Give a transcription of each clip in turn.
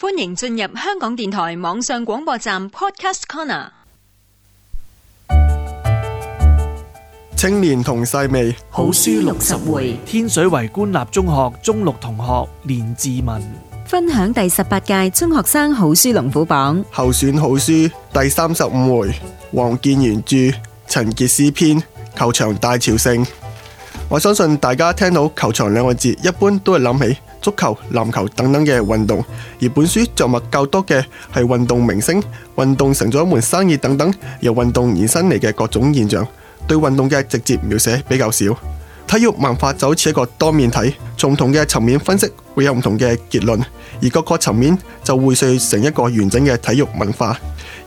歡迎進入香港電台網上廣播站 Podcast Corner。青年同細味好書六十回。天水圍官立中學中六同學連自文分享第十八屆中學生好書龍虎榜候選好書第三十五回，王建元著，陳潔詩編，球場大朝聖。我相信大家聽到球場兩個字，一般都會諗起足球、籃球等等嘅運動。而本書著墨較多嘅係運動明星、運動成咗一門生意等等，由運動延伸嚟嘅各種現象，對運動嘅直接描寫比較少。體育文化就好似一個多面體，從唔同嘅層面分析會有唔同嘅結論，而各個層面就匯聚成一個完整嘅體育文化。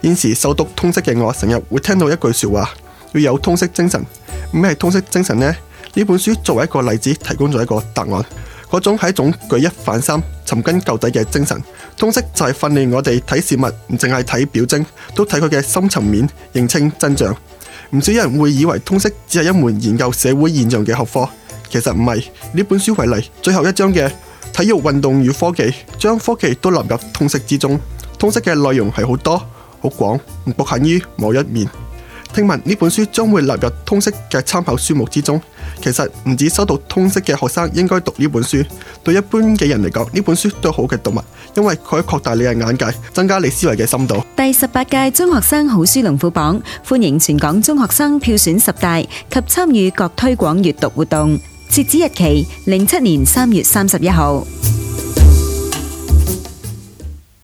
現時修讀通識嘅我，成日會聽到一句説話：要有通識精神。咩係通識精神呢？呢本書作為一個例子，提供咗一個答案。嗰種係一種舉一反三、尋根究底嘅精神。通識就係訓練我哋睇事物唔淨係睇表徵，都睇佢嘅深層面、認清真相。唔少人會以為通識只係一門研究社會現象嘅學科，其實唔係。呢本書為例，最後一章嘅體育運動與科技，將科技都納入通識之中。通識嘅內容係好多、好廣，唔局限於某一面。聽聞呢本書將會納入通識嘅參考書目之中，其實唔止收到通識嘅學生應該讀呢本書，對一般嘅人嚟講，呢本書都係好嘅讀物，因為佢可以擴大你嘅眼界，增加你思維嘅深度。第十八屆中學生好書龍虎榜，歡迎全港中學生票選十大及參與各推廣閱讀活動，截止日期零七年三月三十一號。